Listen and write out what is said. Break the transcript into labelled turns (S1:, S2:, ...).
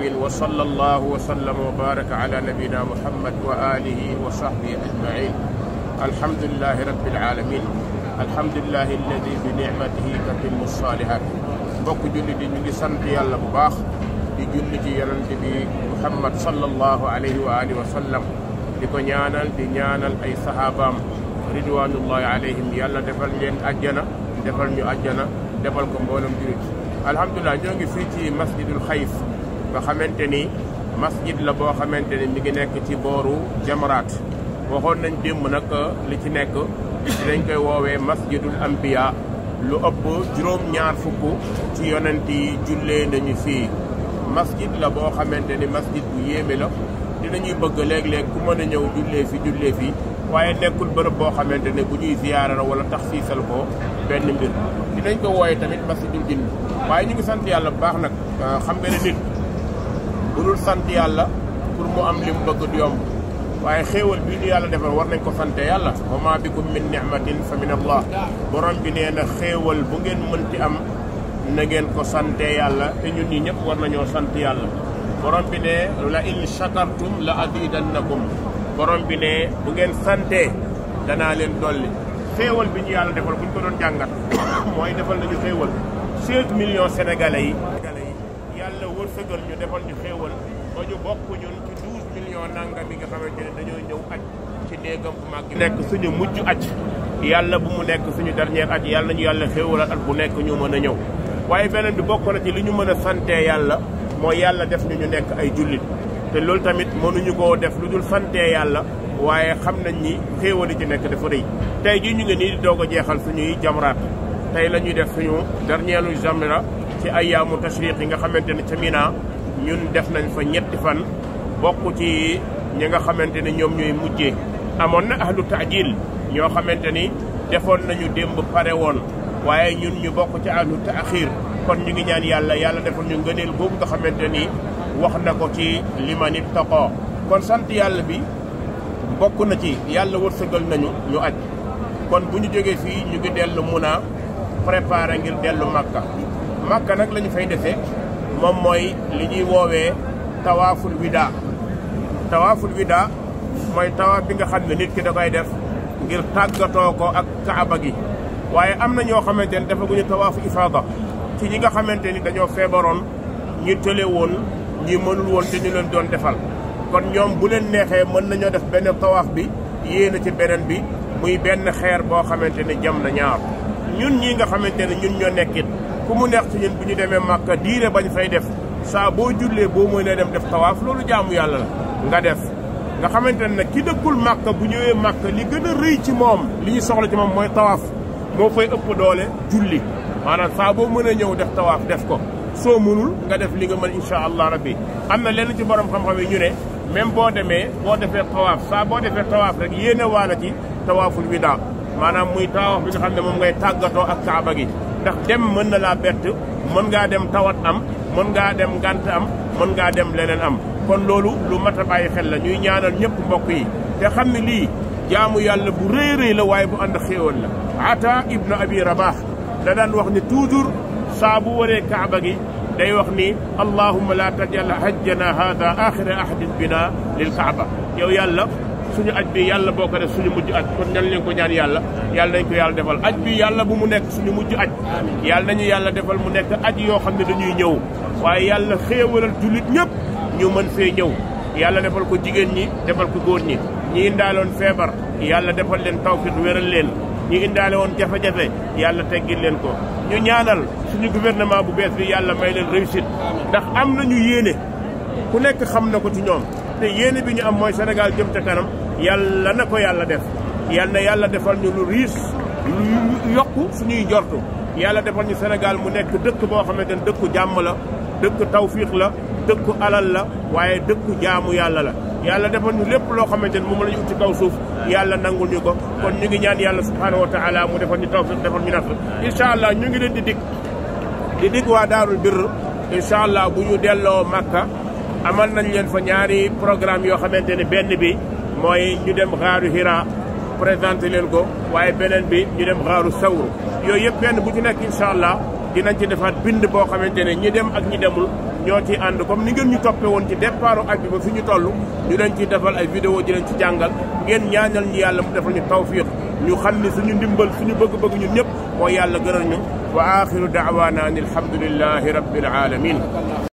S1: طويل وصلى الله وسلم وبارك على نبينا محمد وآله وصحبه أجمعين الحمد لله رب العالمين الحمد لله الذي بنعمته تتم الصالحات bokk julli di ñu ngi sant yàlla bu baax di julli ci yonent bi muhammad sallallahu alayhi wa alihi wa sallam di ko ñaanal di ñaanal ay sahabaam ridwanullahi alayhim yàlla defal leen ajjana defal ñu ajjana defal ko mboolem jurit alhamdulilah ñoo ngi fii ci masjidul xayf nga xamante ni masjid la boo xamante ni mi ngi nekk ci booru jamaraat waxoon nañ démb nag euh, li ci nekk dinañ koy woowee masjidul ambiya lu ëpp juróom-ñaar fukk ci yonent yi jullee nañu fii masjid la boo xamante ni masjid bu yéeme la dinañuy bëgg léeg-léeg ku mën ñëw jullee fi jullee fi waaye nekkul bërëb boo xamante ne bu ñuy ziyaara la wala tax siisal ko benn mbir dinañ ko woowee tamit masjidul jinn waaye ñu ngi sant yàlla bu baax nag euh, xam nga bu sante yàlla pour mu am lim bëgg du yomb waaye xéewal bii ñu yàlla defal war nañ ko sante yàlla wa ma bikum min ni'matin fa min allah borom bi nee na xéewal bu ngeen mënti am na ngeen ko sante yàlla te ñun ñi ñëpp war nañoo sant yàlla borom bi ne la in shakartum la azidannakum borom bi ne bu ngeen sante danaa leen dolli xéewal bi ñu yàlla defal bu ñu ko doon jàngat mooy defal nañu xéewal 16 millions sénégalais yi yàlla wërsëgal ñu ñu xéewal ba ñu bokk ñun ci douze millions yi nga xamante ne dañoo ñëw aj ci néegam bu mag suñu mujj aj yàlla bu mu nekk suñu dernier aj yàlla ñu yàlla xéewalal at bu nekk ñu mën a ñëw waaye beneen bi bokk na ci li ñu mën a santee yàlla mooy yàlla def ñu ñu nekk ay jullit te loolu tamit moo mënuñu koo def lu jul sante yàlla waaye xam nañ ni xéewali ci nekk dafa rëy tey jii ñu ngi nii di doog a jeexal suñuy jamraat tey la ñuy def suñu dernier lu jamra ci ayyaamu tashriq yi nga xamante ne ca Mina ñun def nañ fa ñetti fan bokk ci ñi nga xamante ne ñoom ñooy mujje amoon na ahlu taajil ñoo xamante ni defoon nañu démb pare woon waaye ñun ñu bokk ci ahlu taaxir kon ñu ngi ñaan yàlla yàlla defal ñu ngëneel boobu nga xamante ni wax na ko ci limanit toqoo kon sant yàlla bi bokk na ci yàlla wërsëgal nañu ñu aj kon bu ñu jógee fii ñu ngi dellu mun a préparer ngir dellu Makka makka nag lañu ñu fay defee moom mooy li ñuy woowee tawaaful wida tawaaful wida mooy tawaaf bi nga xam ne nit ki da def ngir tàggatoo ko ak kaaba gi waaye am na ñoo xamante ne defaguñu tawaafu ifaada ci ñi nga xamante ni dañoo feebaroon ñi tële woon ñi mënul woon te ñu leen doon defal kon ñoom bu leen neexee mën nañoo def benn tawaaf bi yéena ci beneen bi muy benn xeer boo xamante ne jam na ñaar ñun ñii nga xamante ne ñun ñoo nekkit ku mu neex ci ñun bu ñu demee Màkka diire bañ fay def saa boo jullee boo mënee dem def tawaaf loolu jaamu yàlla nga def nga xamante ne nag ki dëkkul Màkka bu ñëwee Màkka li gën a rëy ci moom li ñu soxla ci moom mooy tawaaf moo fay ëpp doole julli maanaam saa boo mënee ñëw def tawaaf def ko soo mënul nga def li nga mën incha allah rabbi am na lenn ci borom xam-xam yi même boo demee boo defee tawaaf saa boo defee tawaaf rek yéene waala ci tawaaful widaa maanaam muy tawaaf bi nga xam moom ngay tàggatoo ak kaaba gi ndax dem mën na laa bett mën ngaa dem tawat am mën ngaa dem ngant am mën ngaa dem leneen am kon loolu lu mat a bàyyi xel la ñuy ñaanal ñëpp mbokk yi te xam ni lii jaamu yàlla bu rëy rëy la waaye bu ànd xéewal la ata ibnu abi rabah da daan wax ne toujours saa bu waree kaaba gi day wax nii ni allahumma la tajal hajjana hada axira ahdin bina lil kaaba yow yàlla suñu aj bi yàlla boo ko suñu mujj aj kon ñan leen ko ñaan yàlla yàlla nañ ko yàlla defal aj bi yàlla bu mu nekk suñu mujj aj yàlla nañu yàlla defal mu nekk aj yoo xam ne dañuy ñëw waaye yàlla xéewalal jullit ñëpp ñu mën fee ñëw yàlla defal ko jigéen ñi defal ko góor ñi ñi indaaloon feebar yàlla defal leen tawfit wéral leen ñi indaale woon jafejafe jafe yàlla teggil leen ko ñu ñaanal suñu gouvernement bu bees bi yàlla may leen réussite ndax am nañu yéene ku nekk xam na ko ci ñoom te bi ñu am mooy Sénégal jëm ca kanam yàlla na ko yàlla def yàlla na yàlla defal ñu lu riis lu yokku suñuy njortu yàlla defal ñu Sénégal mu nekk dëkk boo xamante ne dëkku jàmm la dëkk tawfiix la dëkku alal la waaye dëkku jaamu yàlla la yàlla defal ñu lépp loo xamante ne moom la ñu ut ci kaw suuf yàlla nangul ñu ko kon ñu ngi ñaan yàlla subhaanahu wa taala mu defal ñu tawfiq defal ñu nasr incha allah ñu ngi leen di dig di dig waa daarul birr incha allah bu ñu delloo makka amal nañ leen fa ñaari programme yoo xamante ne benn bi moy ñu dem xaru Hira présenté len ko waye benen bi ñu dem xaru Sawru yoy yëpp ben bu ci nek inshallah dinañ ci defat bind bo xamantene ñi dem ak ñi demul ñoo ci ànd comme ni ngeen ñu topé won ci départu ak bi ba fi ñu toll ñu leen ciy defal ay vidéo di len ci jàngal ngeen ñaanal ñu yàlla mu defal ñu tawfiq ñu xamni suñu ndimbal suñu bëgg-bëgg ñun ñep mo yàlla gënal ñu wa axiru daawaana an alhamdulillahi rabbil alamin